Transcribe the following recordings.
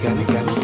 Senegal.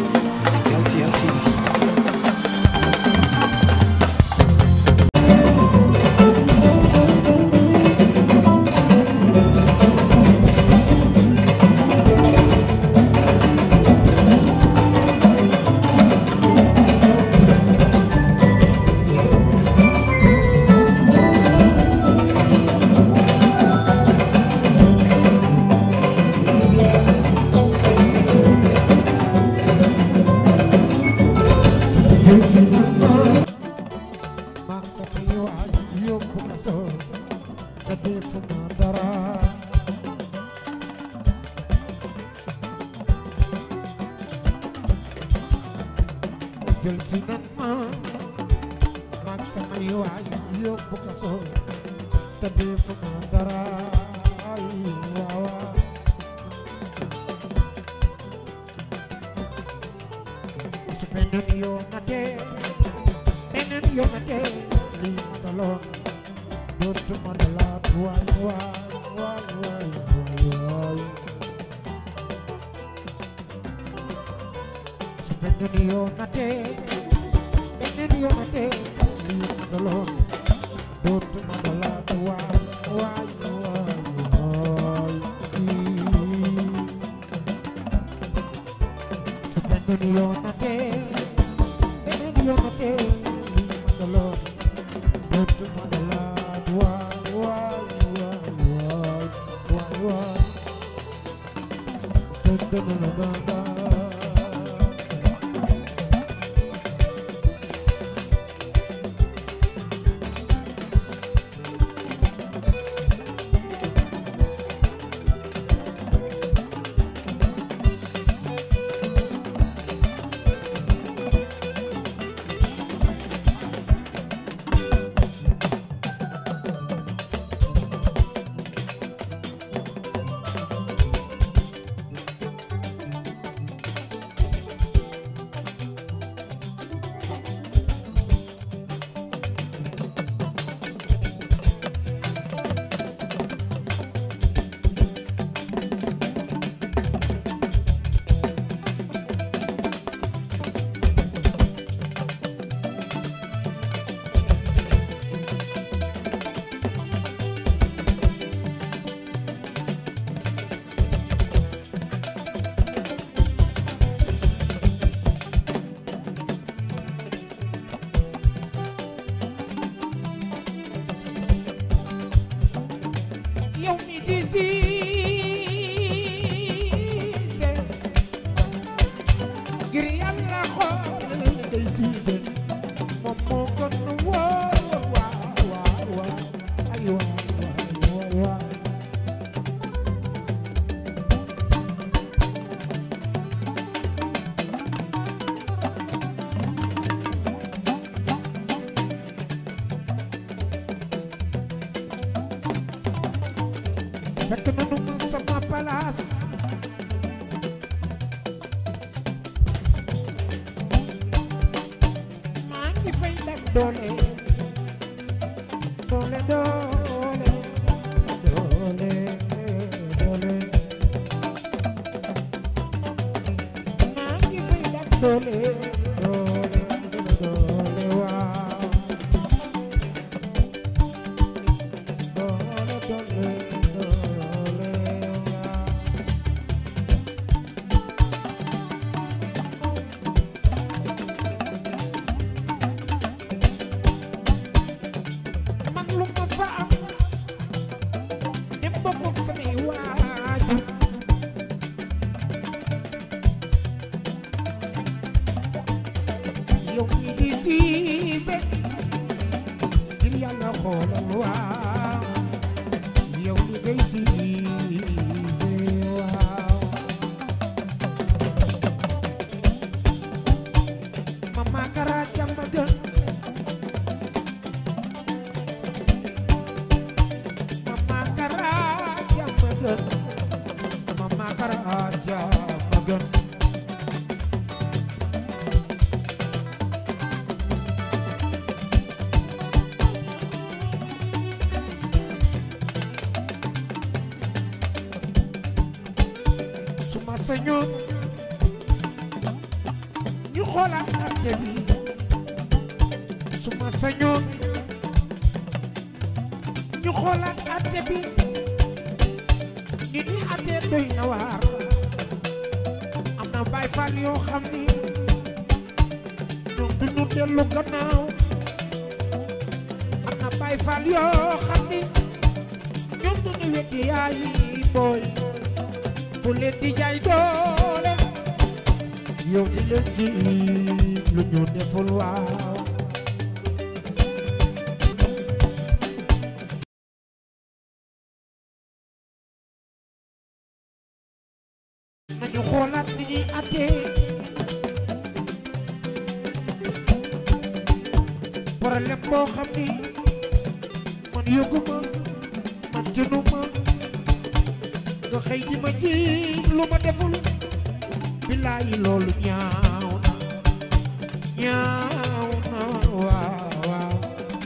ñaaw na waaw waaw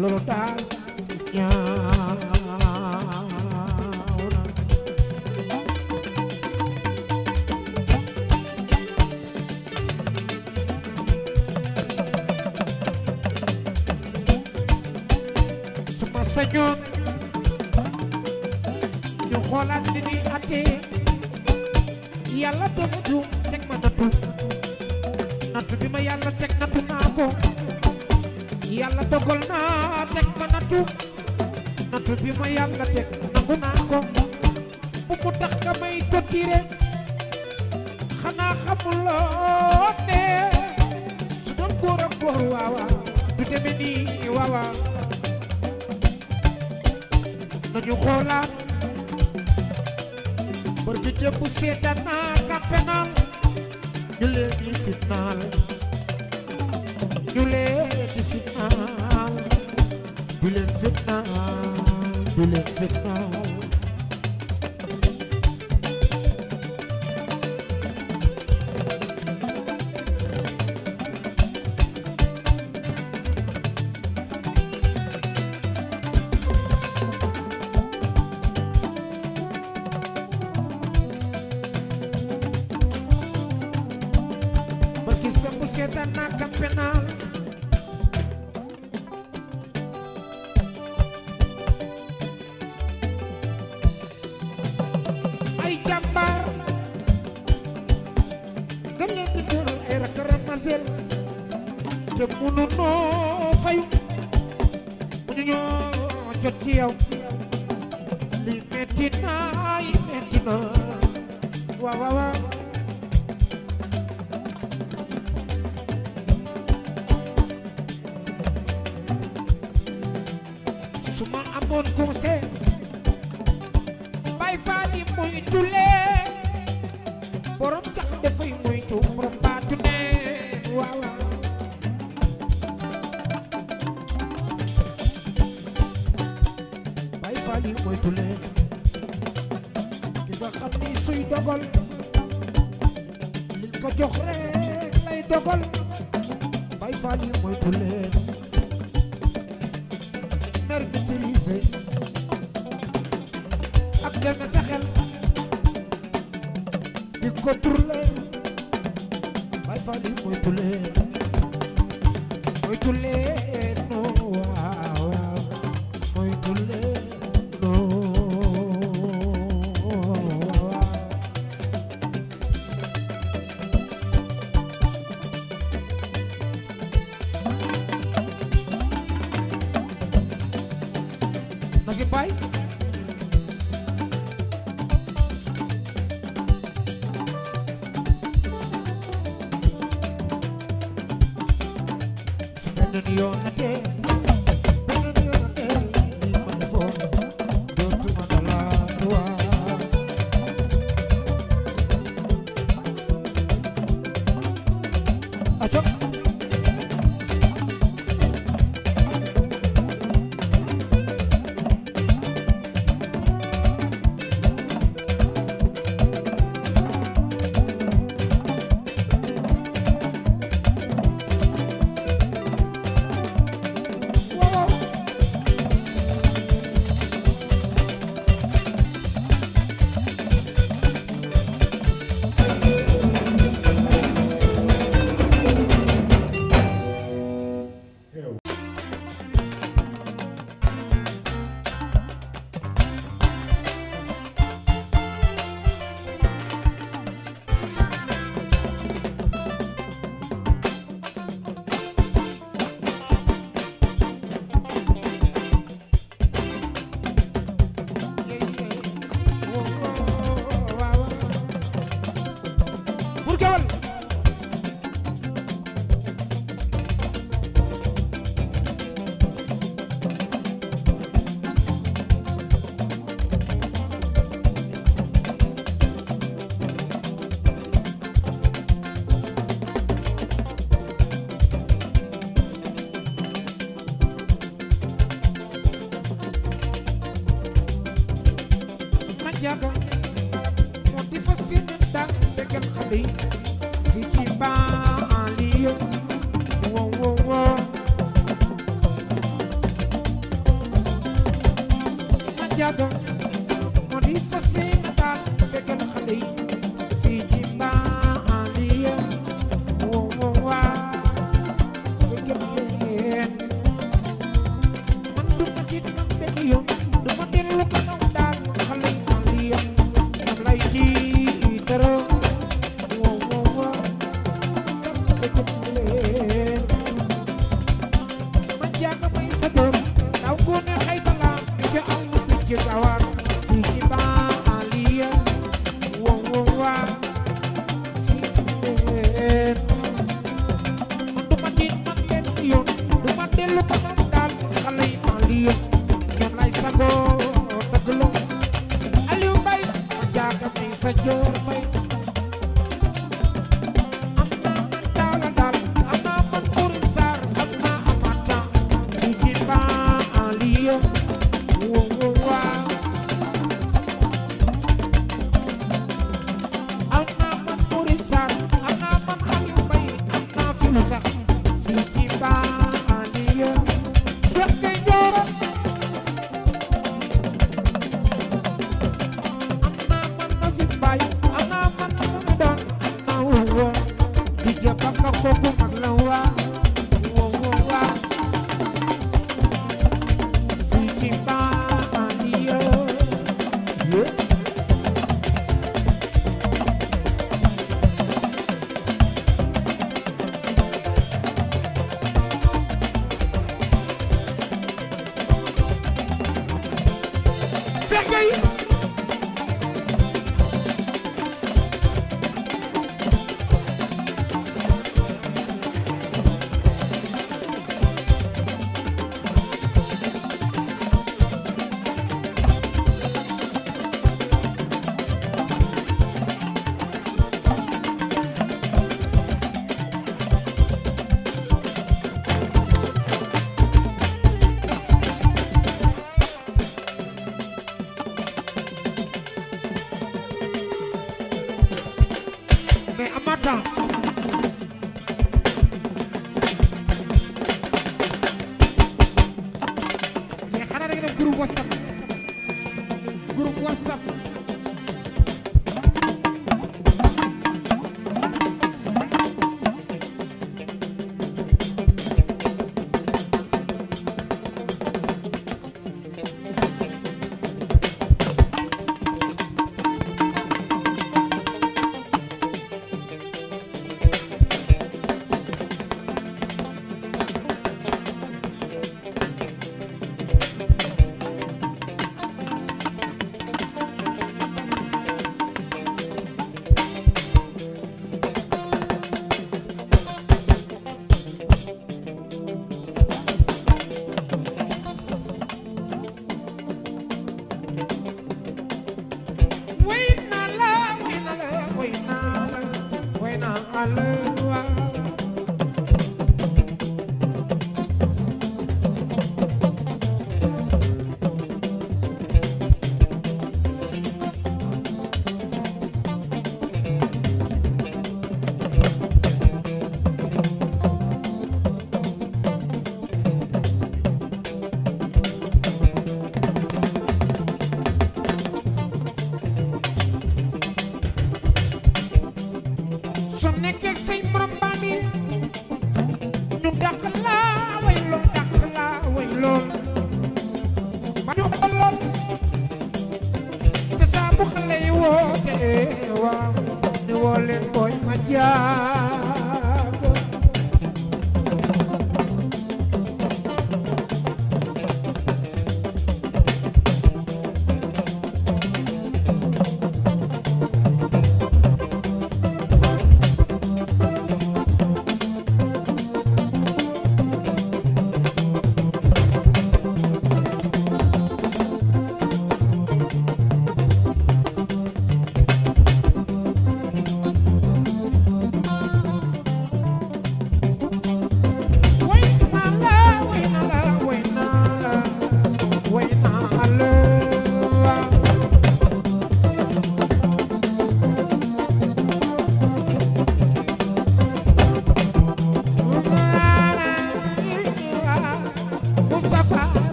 loolu daal ñaaw natt bi ma yàlla teg nangu naa ko bu tax ka may totire xanaa xamuloo su doon góor góor waawa du deme nii waawa nañu xoolaat bër di jëpp seetaan naa campagnat ñu leen ñu fitnaal feeling, feeling. ngoon kuuse bay faali moytu leen borom sax dafay moytu borom baatu neen waaw waaw bay faali moytu leen ki nga xam ni suy dogal li ko lay dogal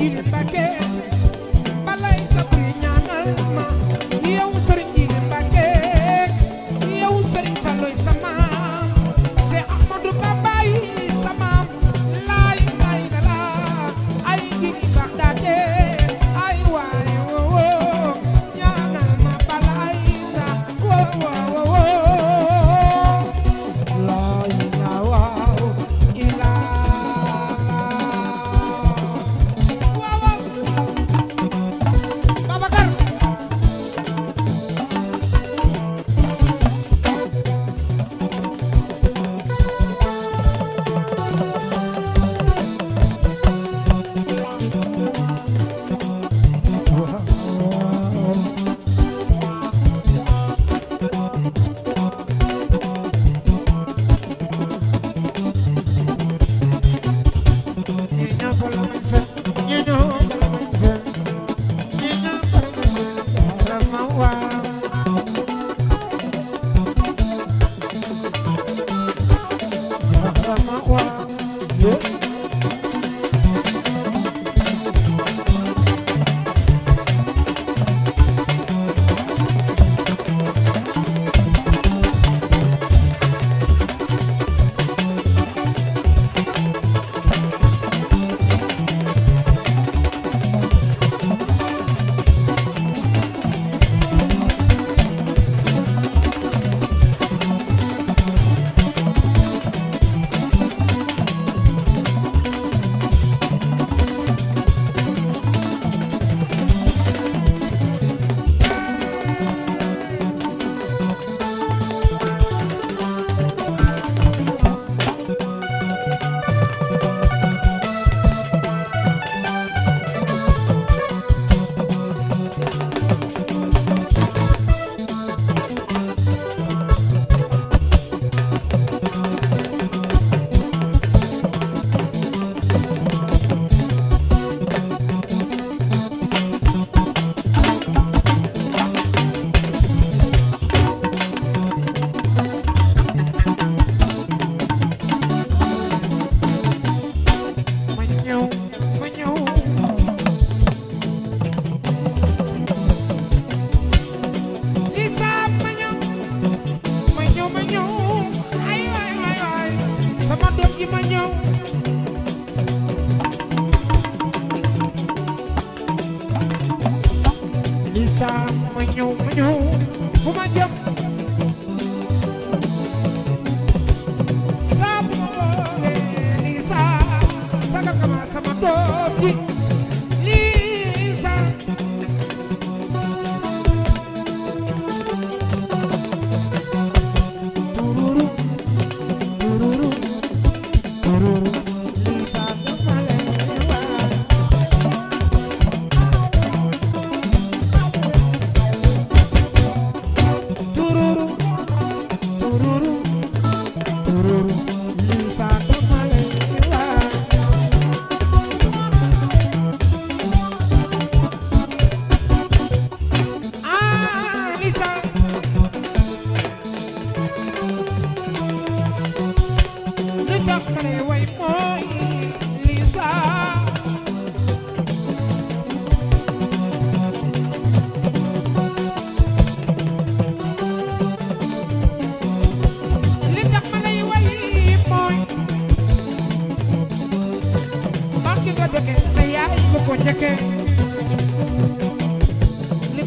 Il paquet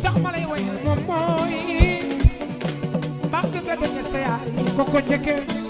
tax ma lay woy moom mooy parce que dëgg sa yaay ko ko njëkkee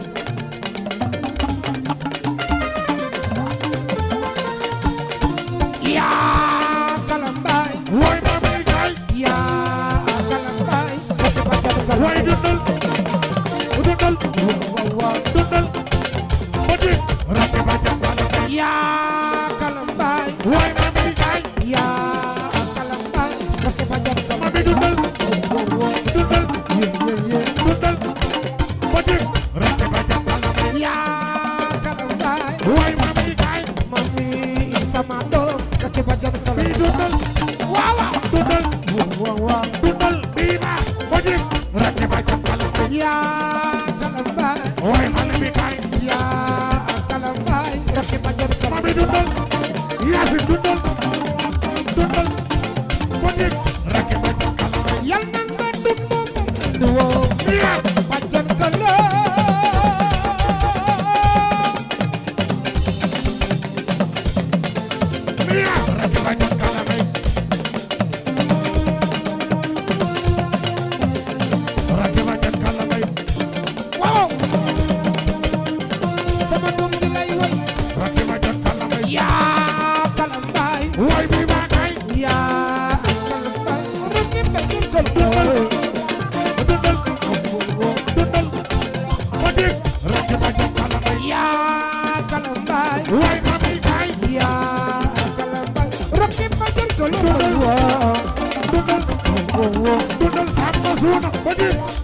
我打回去。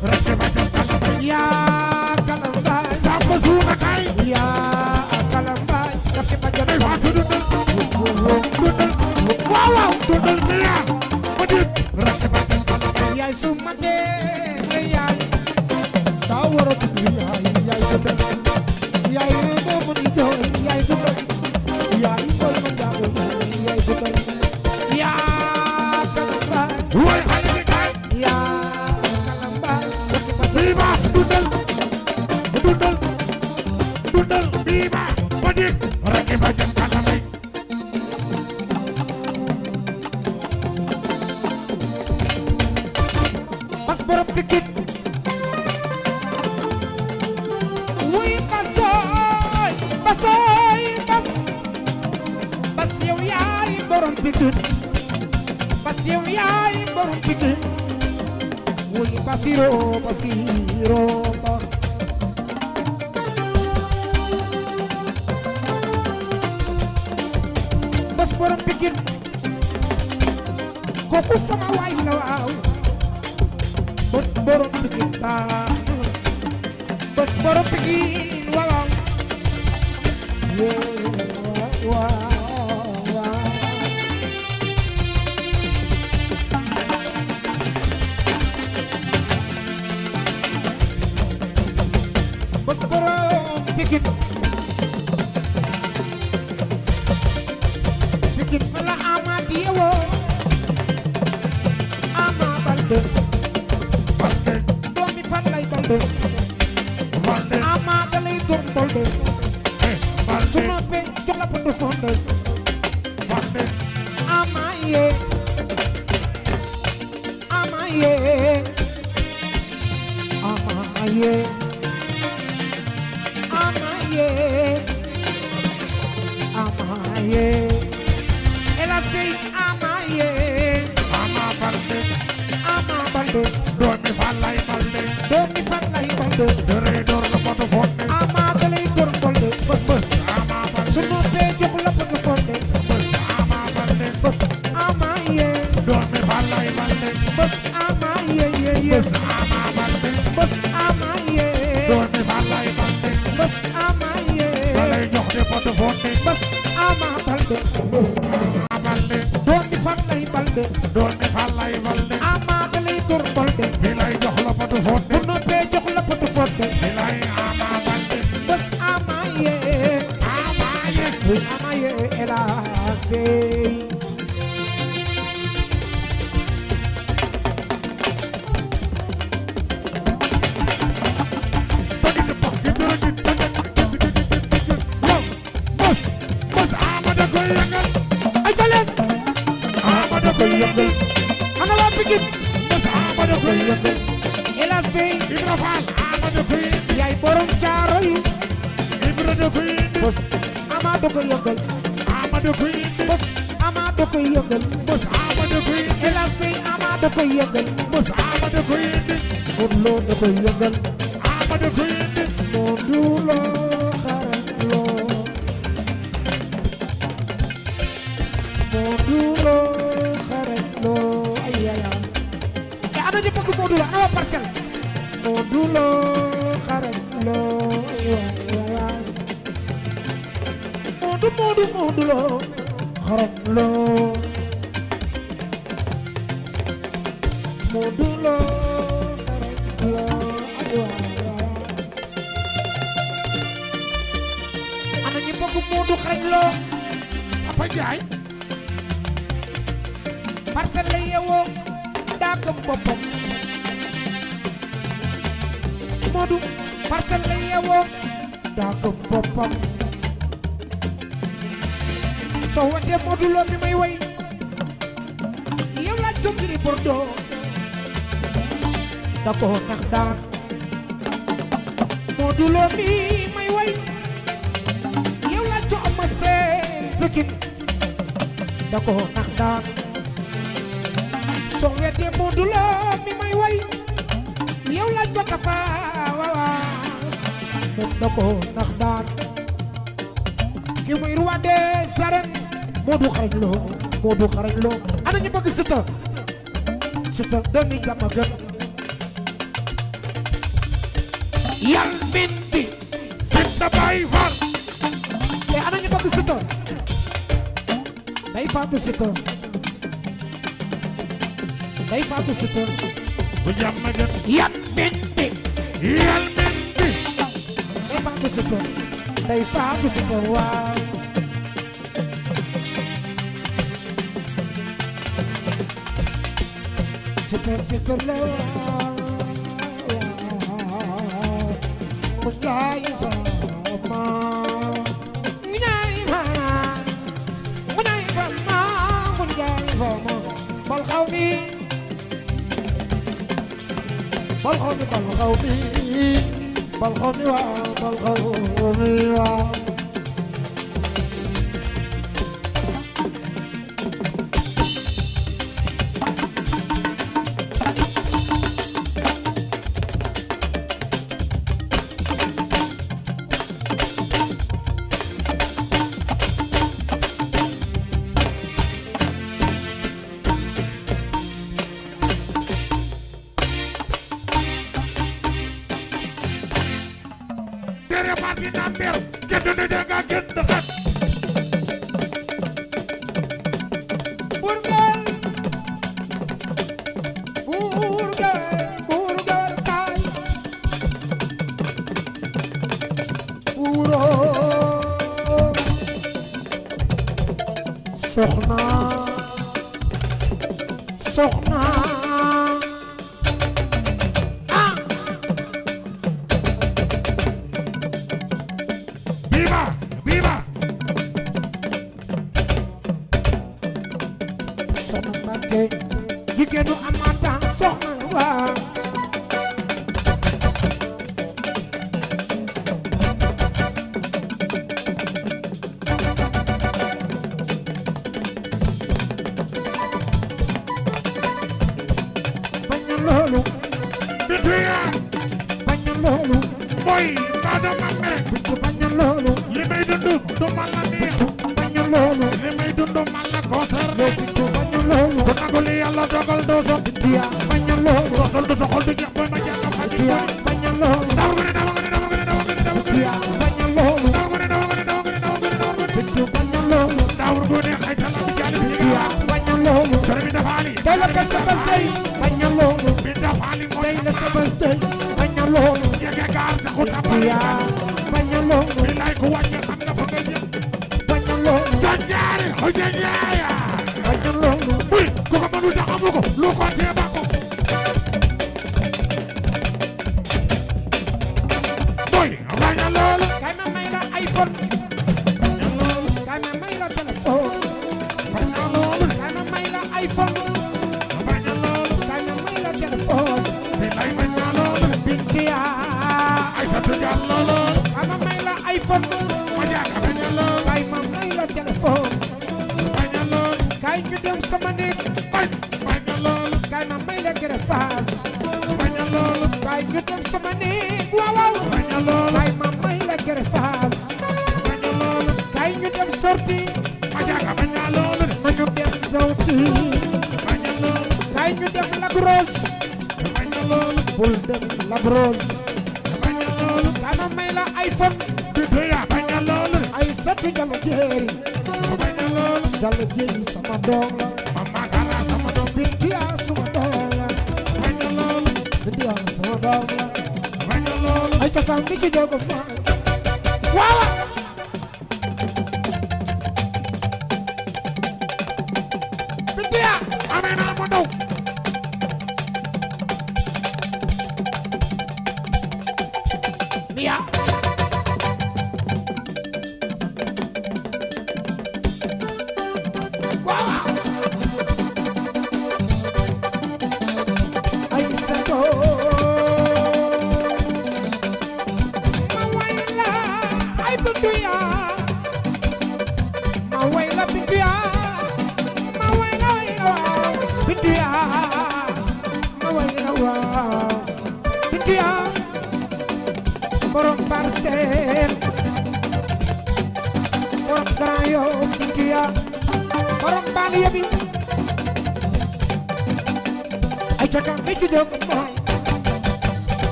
আমায়ে আমায়ে আমায়ে আমায়ে ma jaay parcelle la yeewoo daa gëm boppam Modou parcelle la yeewoo daa gëm boppam soo wantee Modou Lo may way yow laa jóg Gris Bordeaux da ko tax daan may way yow laa jóg Eumeu Sène Pikine da ko nax daan soo weetee Modou Lo mi may way yow laaj ko Tapha Wawa moom da ko nax daan ki muy roi des arènes Modou xarañ xarañ Lo ana ñu bëgg Siteu Siteu doomi jàmm gën yal min bi Siteu bay far te ana ñu bëgg Siteu day faatu Siteu day faatu Siteu bu jàmm ma jot yat bit bi yal bit bi day faatu Siteu day faatu Siteu waaw Siteu Siteu la waaw mu jaayu بالخومي بالخومي بالخومي بالخومي I get the hot? kay ma may la ay bon bul dem labroos dama may la iPhone bi doya bañ a loolu ay satu jalo jeeri bañ a loolu jalo jeeri sama doom la mama kala sama doom bintiya sama doom la bañ a loolu bintiya sama doom la bañ a loolu ay cosaan mi ki jogo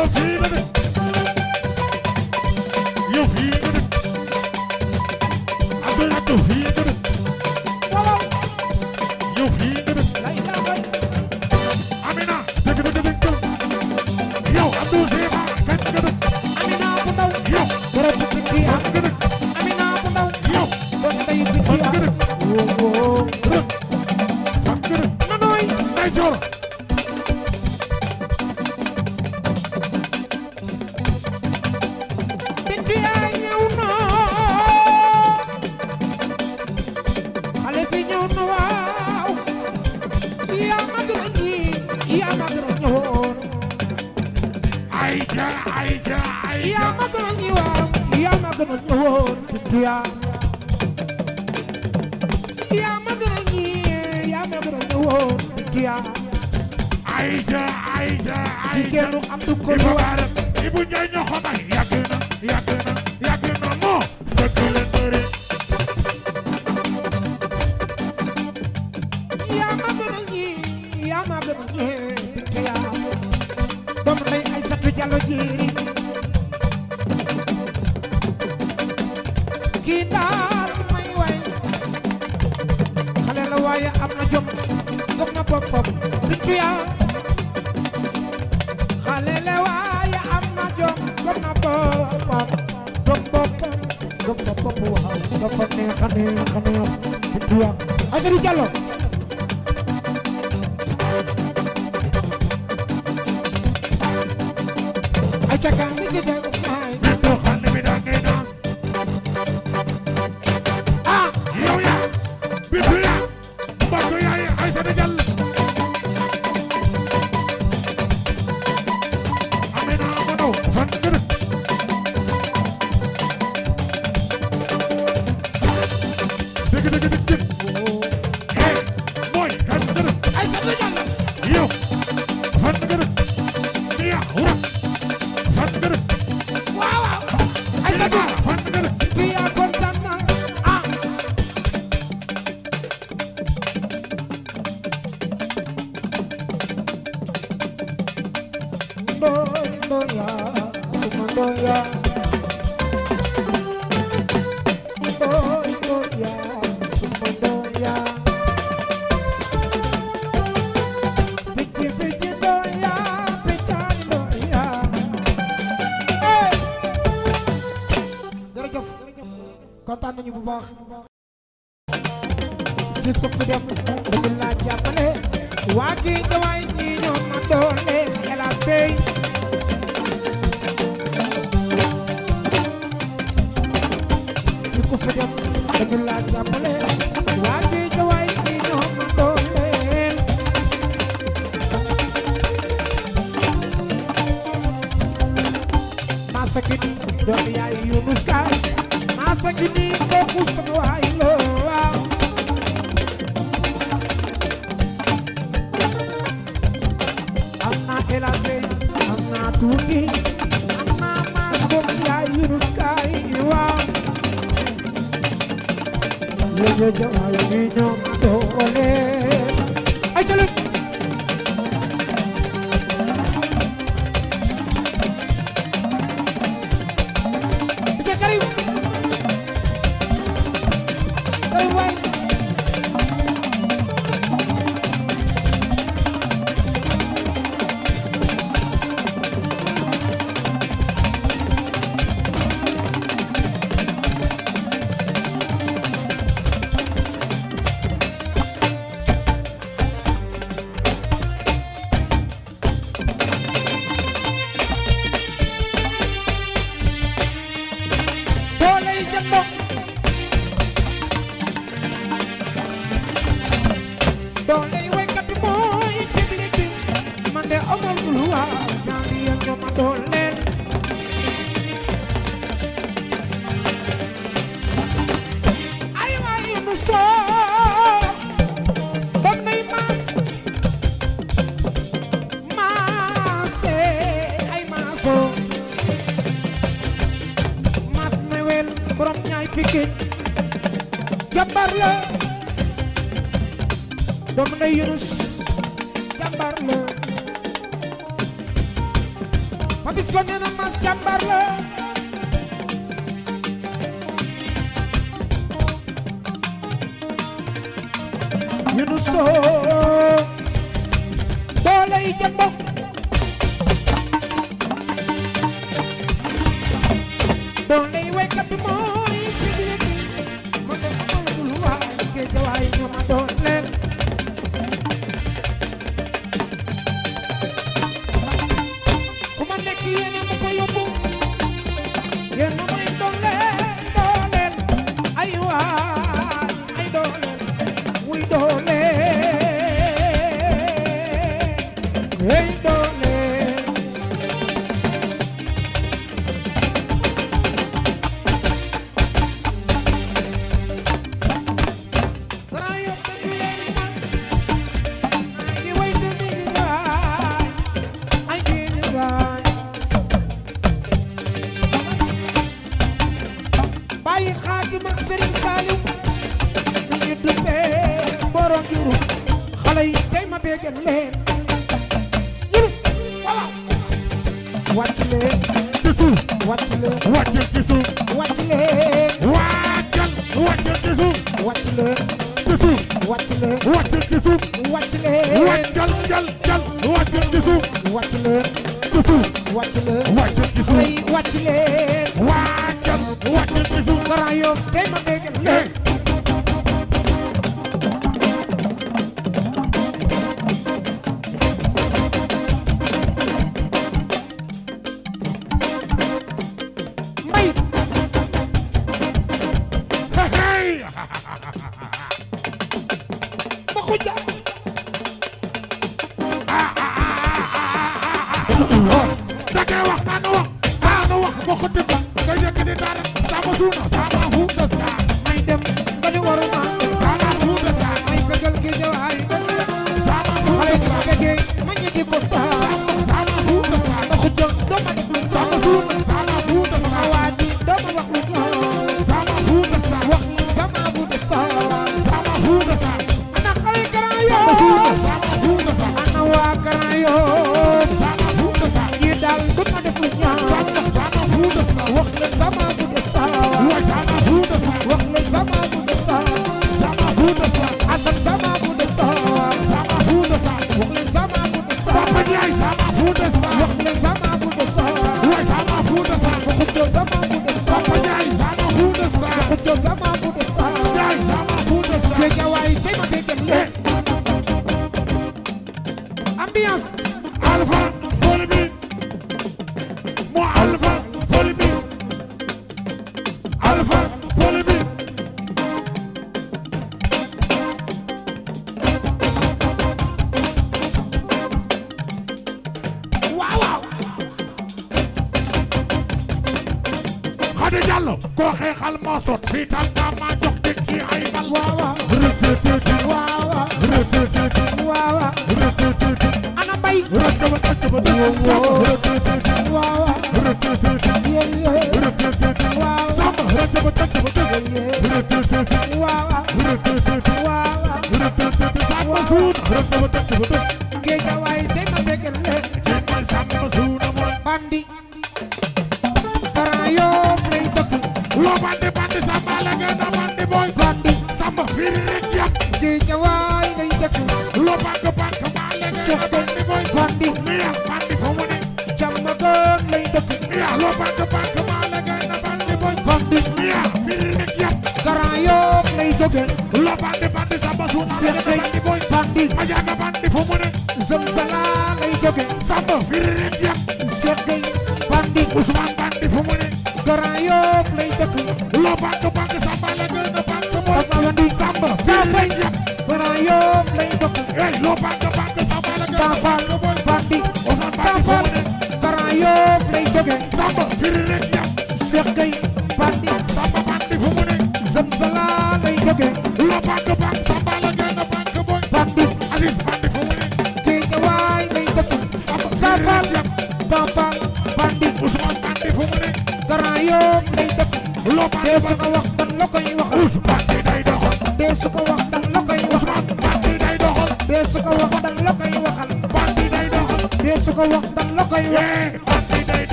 no feeling. bàyyi xaadim ak sëriñ Saaliw bu ñu duppee borom juru xale yi tey ma béggeen leen yurus wala leen ci suuf leen wàccal ci suuf wàcc leen wàccal wàccal ci suuf leen ci suuf leen wàccal ci leen wàccal jal leen ci suuf leen wàccal leen karaayoo tey ma bégal Diallo koo xeexal moo sot fii tal naa maa jox dig ci ay bal waawa rëtëtëtë waawa rëtëtëtë waawa rëtëtëtë ana bay rëtëtëtë waawa rëtëtëtë waawa rëtëtëtë rëtëtëtë waawa sama rëtëtëtë rëtëtëtë waawa rëtëtëtë waawa rëtëtëtë sama suut rëtëtëtë Love and the